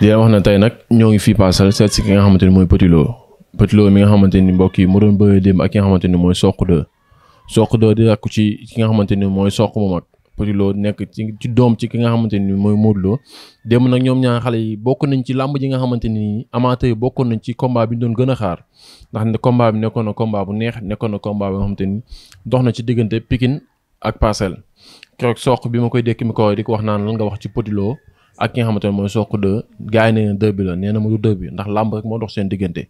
di leen wax na tey nag ñoo ngi fii paasal seet si ki nga xamante ni mooy Petit Lo Petit Lo mi nga xamante ni mbokk yi mu doon bëgg dem ak ki nga xamante mooy Sokh 2 Sokh 2 di rakku ci ki nga xamante ni mooy Sokh mu mag Petit nekk ci ci doom ci ki nga xamante ni mooy Modou Lo dem nag ñoom ñaar xale yi bokk nañ ci làmb ji nga xamante ni amateur yi bokkoon nañ ci combat bi ñu doon gën a xaar ndax ne combat bi nekkoon na combat bu neex nekkoon na combat bi nga xamante ni dox na ci diggante Pikine ak Parcelles keroog Sokh bi ma koy dekk mi ko di ko wax naa lan nga wax ci Petit ak ki nga xamante ne mooy Sokh 2 gars yi nee na 2 bi la nee na ma du bi ndax làmb rek moo dox seen diggante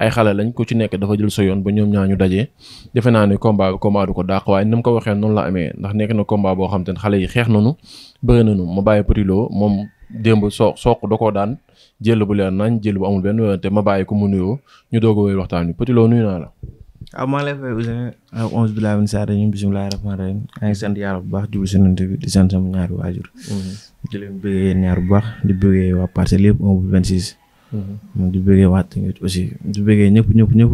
ay xale lañ ku ci nekk dafa jël sa yoon ba ñoom ñaa ñu dajee defe naa ne combat bi combat ko dàq waaye ni mu ko waxee noonu la amee ndax nekk na komba boo xam te ne xale yi xeex nañu bëri nañu ma bàyyi Petit moom démb Sokh Sokh da koo daan jël bu leer nañ jël bu amul benn wérante ma bàyyi ko mu nuyoo ñu doog a wéy waxtaan wi Petit Lo nuyu naa la waaw maa lay fay Ouzin ak onze bi laa bin saare ñu bisimilah rahmaani rahiim maa ngi sant yàlla bu baax jublu si nante bi di sant sama ñaari waajur di leen bëggee yéen ñaar bu baax di bëggee waa parcelle yëpp un bu vingt six mm-hmm. aussi di bëggee ñëpp ñëpp ñëpp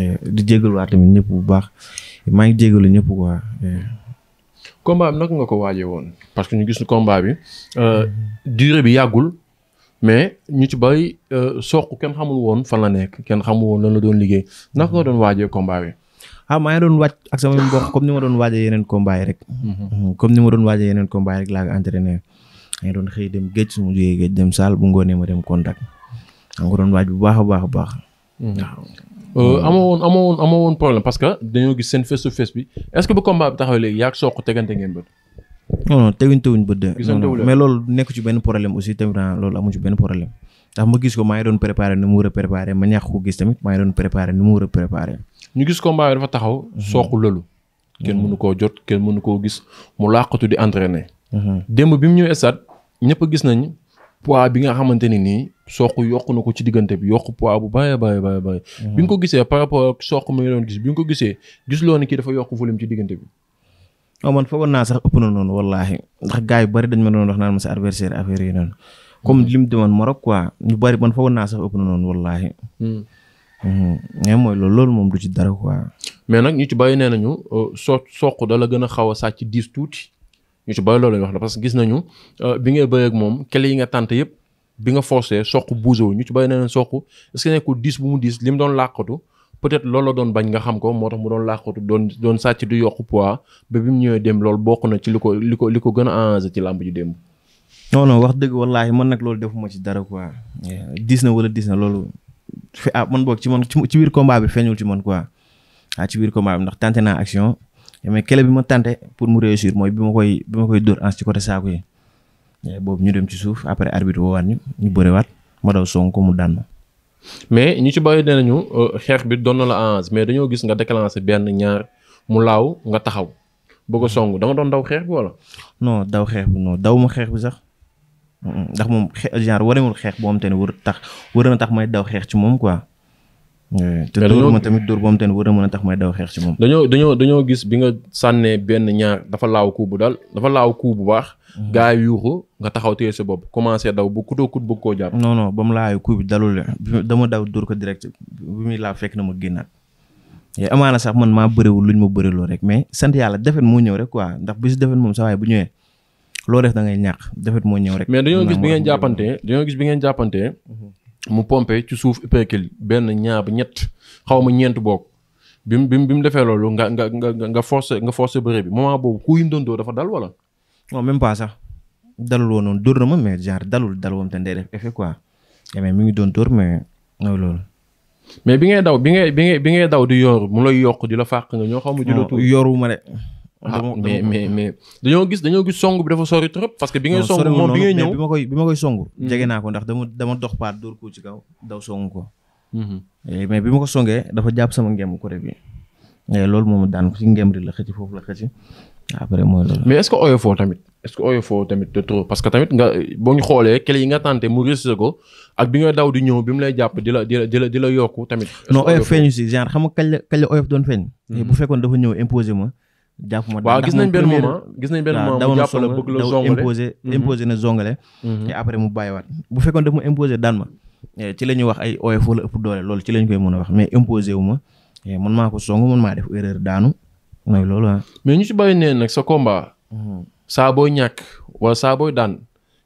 eh, di jégalu tamit ñëpp bu baax maa ngi jégalu ñëpp quoi eh. combat bi nag ko waajee woon parce que ñu gis combat bi euh, durée bi yàggul mais ñu ci bay euh, soq kenn xamul woon fan la nekk kenn xamul woon lan la doon liggéey naka nga doon waajee combat bi. Ah, maa ngi doon waaj ak sama comme ni ma doon waajee yeneen combat yi rek. Mhm. Mhm. ni ma doon waajee yeneen combat yi rek laa ko maa ngi doon xëy dem géej su ma jógee géej dem saal bu ngoonee ma dem contact. maa ngi doon waaj bu baax a baax a baax. Mhm. Euh, amoo woon amoo woon amoo problème parce que dañoo gis seen face to face bi est-ce que bu combat bi taxaw léegi yaa ngi tegante ngeen bët. non non teguñ teguñ bët. mais loolu nekk ci benn problème aussi tamit loolu amu ci benn problème. ndax ma gis ko maa ngi doon préparé ni mu war a préparé ma ko gis tamit maa mu a préparé. ñu gis combat bi dafa taxaw. Mhm. koo jot kenn mënu koo gis mu làqatu di entraîné. Mhm. démb bi mu ñëw stade ñëpp gis nañ poids bi nga xamante ni nii sook yokk na ko ci diggante bi yokk poids bu bàyyi bàyyi bàyyi bàyyi. bi nga ko gisee par rapport ak sooq mi nga doon gis bi nga ko gisee gisuloo ne kii dafa yokk volume ci diggante bi. non man foogoon naa sax ëpp na noonu wallaahi ndax gars yu bari dañ ma doon wax naan ma sa adversaire affaire yi noonu comme hmm. li mu demoon Maroc quoi ñu bari man foogoon naa sax ëpp na noonu wallaahi. Hmm. Hmm. mais mooy loolu loolu moom du ci dara quoi. mais nag ñu ci bay nee nañu euh, soo soq dala gën a xaw a sàcc diis tuuti ñu ci bàyyi loolu lañu wax la parce que gis nañu euh, bi ngay bëreeg moom kële yi nga tànte yëpp bi nga forcé soq bousewul ñu ci bay nee nañ soq est ce que nekkul li mu doon làqatu peut-être loolu la doon bañ nga xam ko moo tax mu doon laaxatu doon doon sàcc du yokk poids ba bi mu ñëwee dem loolu bokk na ci li ko li ko li ko gën a enjeu ci làmb ji démb. non non wax dëgg wallaahi man nag loolu defuma ci dara quoi. diis na wala diis na loolu. fe ah man boo ci man ci biir combat bi feeñul ci man quoi ah ci biir combat bi ndax tenté naa action mais kele bi ma tante pour mu réussir mooy bi ma koy bi ma koy dóor ans ci côté saako yi boobu ñu dem ci suuf après arbitre woowaat ñu ñu bëriwaat ma daw song ko mu daan mais ñu ci bàyyi de nañu euh, xeex bi doon na la avance mais dañoo gis nga déclenché benn ñaar mu laaw nga taxaw bëgg ko song dama doon daw xeex bi wala. non daw xeex bi non daw mu xeex bi sax ndax moom genre warewul xeex boo xam te ne war tax war na tax may daw xeex ci moom quoi. te dóor ma tamit dóor boobu tamit war a mën a tax may daw xeex ci moom. dañoo dañoo gis bi nga sànnee benn ñaar dafa laaw kuu bu daal dafa laaw kuu bu baax. Mhm. gaa yi yuuxu taxaw téye sa bopp commencé daw bu kutoo kut bëgg koo jàpp. non non ba mu laayu kuu bi dalul dama daw dóor ko direct bi muy laa fekk na ma génnaat. amaana sax man maa bëriwul luñ ma bëriloo rek mais sant yàlla defet moo ñëw rek quoi ndax bis defet moom sa waay bu ñëwee loo def da ngay ñàkk defet moo ñëw rek. mais dañoo gis bi ngeen jàppante dañoo gis bi ngeen jàppante mhm. mu pompe ci suuf uppercut benn ñaar ba ñett xaw ma ñeent boog bi mu bi mu defee loolu nga nga nga nga forcé nga forcé bëre bi moment boobu ku yi mu doon dóor dafa dal wala. non même pas sax dalul woon noonu na ma mais genre dalul dal woon te ndey def effet quoi eh, mais mi ngi doon door mais mooy loolu. mais bi ngay daw bi ngay bi ngay bi ngay daw di yor mu la yokk di la fàq nga ñoo xaw ma. di la tuur yoru ma de. Ah, mais mais ah. mais dañoo gis dañoo gis song bi dafa sori trop. parce que bi ngay song moom bi ngay ñëw bi ma koy bi ma koy mm-hmm. jege naa ko ndax dama dama dox paat dóor ko ci kaw daw song ko. Mm-hmm. Eh, mais bi ma ko songee dafa jàpp sama ngemu côté bi. Eh, loolu moom daan ko ci ngem ri la xëcc foofu la xëcc. après mooy mais est ce que oyofoo tamit est ce que oyofoo tamit parce que tamit nga boo ñu xoolee kële yi nga tànte mu risque ko ak bi nga daw di ñëw bi mu lay jàpp di la di la di la di la yokku tamit. non oyof feeñu si genre xam nga kañ la kañ la oyof doon feeñ. Mm-hmm. Eh, bu fekkoon dafa ñëw imposé ma jàpp ma waaw gis nañ gis nañ benn moment mu na zongale te mhm. mhm. après mu bàyyiwaat bu fekkoon daf ma imposé daan ma ci la ñuy wax ay oyof wala ëpp loolu ci lañ koy mën a wax mais imposé wu ma man maa ko song man maa def erreur daanu mooy loolu ah mais ñu ci bàyyi nee nag sa combat mhm. saa booy ñàkk wala saa booy daan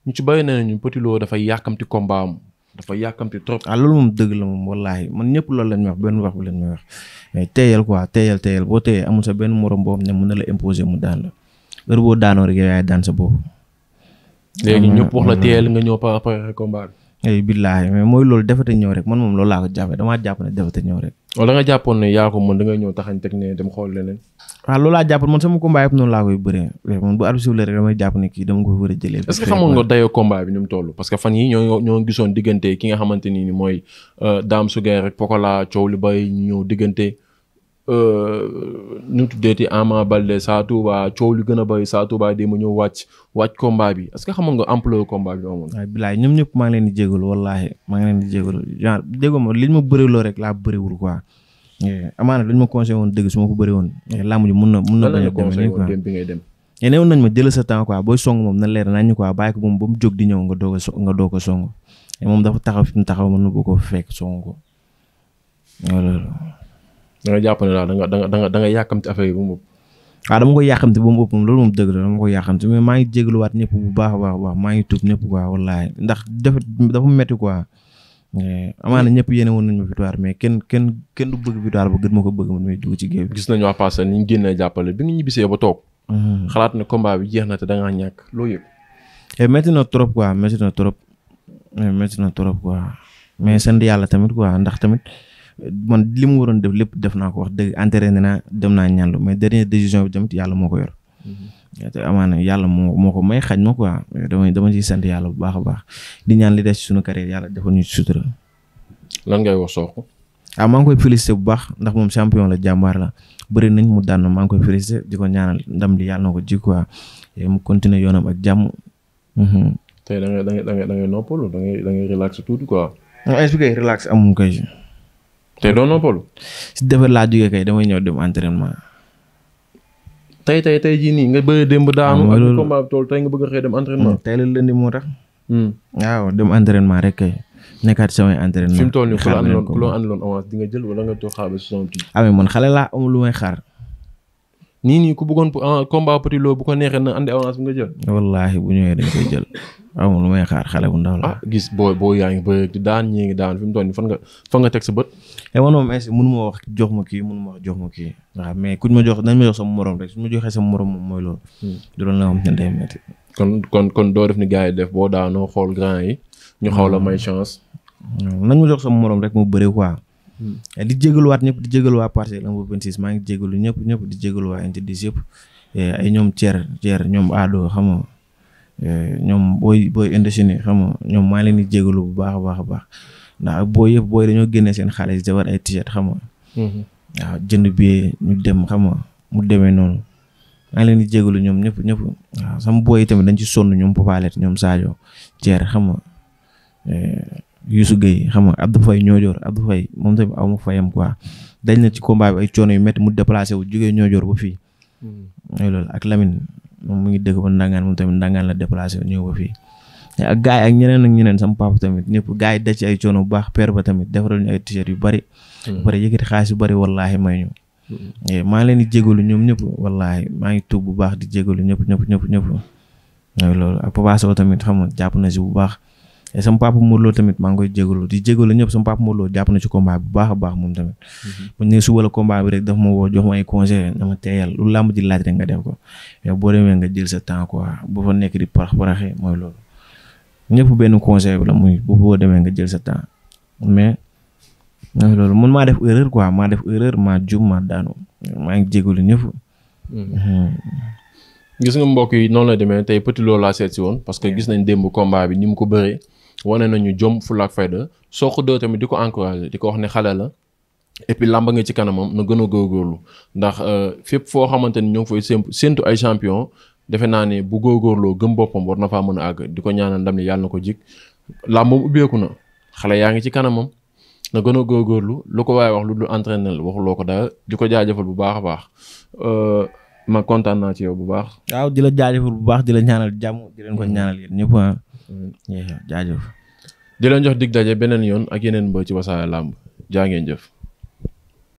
ñu ci bàyyi nee nañu Petit Lo dafay yàkkamti combat am dafa yàkkamti trop. ah loolu moom dëgg la moom wallaahi man ñëpp loolu lañ wax benn wax bu leen may wax mais teeyal quoi teeyal teeyal boo teeyee sa benn morom boo xam ne mën na la imposer mu daan la daanoo daan sa bopp. léegi ñëpp wax la teeyal nga ñëw par après combat bi. ay eh, billaahi mais mooy loolu defate ñëw rek man moom loolu laa ko jàppee damaa jàpp ne defate ñëw rek. wala nga jàppoon ne yaa ko dangay ñëw taxañ teg ne dem xool leneen. waaw loolu laa jàpp man sama combat yëpp noonu laa koy bëree man bu arbitre siffle rek damay jàpp ne kii dama ko war a jëlee. est-ce que xamoon nga dayoo combat ni mu toll parce que fan yi ñoo ñoo gisoon diggante ki nga xamante euh, rek Pokola coow li bay ñëw diggante euh, nu mu tuddeeti Ama Baldé Sa Touba coow li gën a bay Sa Touba de ma ñëw wàcc wàcc combat bi est-ce que xamoon nga ampleur combat bi loo amoon. waaw bilaay ñoom ñëpp maa ngi leen di jégalu wallaahi maa ngi leen di jégalu genre déggoo ma li ñu ma bëriloo rek laa bëriwul quoi. Eh, amaana dañ ma conseillé woon dëgg su ma ko bëri woon eh, làmb ji mun na mun na bañ a demee quoi bi ngay dem mais eh, newoon nañ ma jël sa temps quoi booy song moom na leer nañ ñu quoi bàyyi ko moom ba mu jóg di ñëw nga doog a nga doog a song moom dafa taxaw fi mu taxaw mën na boo ko fekk song ko loolu da nga jàpp ne daal da nga da nga da nga yàkkamti affaire yi ba mu ëpp waaw ah, dama ko yàkkamti ba mu ëpp loolu moom dëgg la dama ko yàkkamti mais maa ngi jégaluwaat ñëpp bu baax a baax maa ngi tuub ñëpp quoi wallaahi ndax dafa dafa metti quoi Eh, amaana ñëpp yéene woon nañu victoire mais kenn kenn kenn du bëgg victoire ba gën ma ko bëgg man muy dugg ci géew gis nañu waa passé ni ñu génnee jàppale bi nga ñibbisee ba toog. Hmm. xalaat ne combat bi jeex na te da ngaa ñàkk loo yëg. Eh, métti na trop quoi métti na trop eh, métti na trop quoi mais sant yàlla tamit quoi ndax tamit man li mu waroon def lépp def naa ko wax dëgg entraîné naa dem naa ñàllu mais dernière décision bi tamit yàlla moo ko yor. Hmm. te amaana yàlla moo moo ko may xaj ma quoi dama dama ciy sant yàlla bu baax a baax di ñaan li des ci suñu carrière yàlla defal ñu ci sutura. lan ngay wax Sokh. ah maa ngi koy félicité bu baax ndax moom champion la jàmbaar la bëri nañ mu daan maa ngi koy félicité di ko ñaanal ndam li yàlla na ko ji quoi mu continuer yoonam ak jàmm. Mhm. tey da ngay da ngay da ngay da ngay noppalu da ngay da ngay relax tuuti quoi. ma expliqué relax amul kay. tey ñëw dem tey tey tey jii nii nga bëgg démb daanu. Ah, ak tool tey nga bëgg a xëy dem entraînement. Hmm, tey la lëndi moo tax. Hmm. waaw dem entraînement rek kay. nekkaat samay entraînement. fi mu toll nii ku la àndaloon ku la àndaloon avance nga jël wala nga toog xaar ba saison amee man xale laa amul lu may xaar. nii nii ku bëggoon ah, combat Petit Lo bu ko neexee na andi avance bi nga bu ñëwee dañ koy jël amul lu may la. ah boo boo yaa ngi bëri di daan ñii ngi mu toll nii fan nga fan nga teg sa bët. te eh, man moom est mënu ma wax jox ma kii mënu ma jox ma kii waaw mais kuñ ma jox nañ ma jox sama morom rek su ma joxee sama morom moom mooy loolu. Hmm. du loolu la moom kon kon doo def ni gars yi def boo daanoo xool grand ñu xaw la may hmm. chance. Hmm. nañ ma jox sama morom rek mu bëri quoi. Mm. Eh, di jégaluwaat ñëpp di jégalu waa Parcelles Unité 26 maa ngi jégalu ñëpp ñëpp di jégalu waa Unité 10 eh, ay ñoom Thier Thier ñoom Ado xam nga eh, ñoom booy booy Indochine xam nga ñoom maa leen di jégalu bu baax a baax a baax ndax booy yëpp booy dañoo génne seen xaalis jabar ay t-shirt xam nga mm-hmm. waaw jënd bi ñu dem xam mu demee noonu maa leen di jégalu ñoom ñëpp ñëpp waaw sama booy tamit dañ ci sonn ñoom Papa ñoom Sadio Thier xam nga Youssou Gueye xam nga Abdou Faye ñoojoor Abdou Faye moom tamit aw ma fayam quoi dañ na ci combat bi ay coono yu métti mu déplacé wu jógee ñoojoor ba fii. mooy hmm. loolu ak Lamine moom mu ngi dëkk ba Ndangaan moom tamit Ndangaan la déplacé wu ñëw ba fii. ak gars ak ñeneen ak ñeneen sama ñëpp gars yi daj ci ay coono bu baax père ba tamit defaral ñu ay yu hmm. ba pare yëkkati yu bari wallaahi may ñu. Hmm. Eh, maa ngi leen jégalu ñoom ñëpp wallaahi maa ngi tuub bu baax di jégalu ñëpp ñëpp ñëpp ñëpp. mooy loolu ak Papa Sow tamit xam nga jàpp na si bu baax et sama papa Modou tamit maa ngi koy jégalu di jégalu ñëpp sama papa Modou Lo jàpp na ci combat bi bu baax a baax moom tamit. Mhm. bu ñu nee suba la bi rek daf ma woo jox ma ay conseil na ma teeyal lu làmb ji laaj rek nga def ko boo demee nga jël sa temps quoi bu nekk di parax paraxee mooy loolu. ñëpp benn conseil la muy bu boo demee nga jël sa temps mais mooy loolu man maa def erreur quoi maa def erreur maa jum maa daanu maa ngi jégalu ñëpp. Mhm. gis nga mbokk yi noonu la demee tey Petit Lo laa seet si woon parce que gis nañ démb combat bi ni mu ko bëree. wane nañu jom fulla ak fayda soo ko tamit di ko encouragé di ko wax ne xale la et puis làmba nga ci kanamam na gën a góorgóorlu ndax euh, fépp foo xamante ni ñoo ngi fay séntu ay champion defe naa ne bu góorgóorloo gëm boppam war na faa mën a àgg di ko ñaanal ndam li yàlla na ko jig làmbam ubbeeku na xale yaa ngi ci kanamam na gën a góorgóorlu lu ko waaye wax lu dul entraîneur waxuloo ko daal di ko jaajëfal bu baax a baax na euh, kontaan naa ci yow bu baax. waaw di la jaajëfal bu baax di la ñaanal jàmm di leen ko ñaanal yéen ñëpp ah. jaajëf di leen jox dig daje beneen yoon ak yeneen mbër ci Wassare Lamb jaa ngeen jëf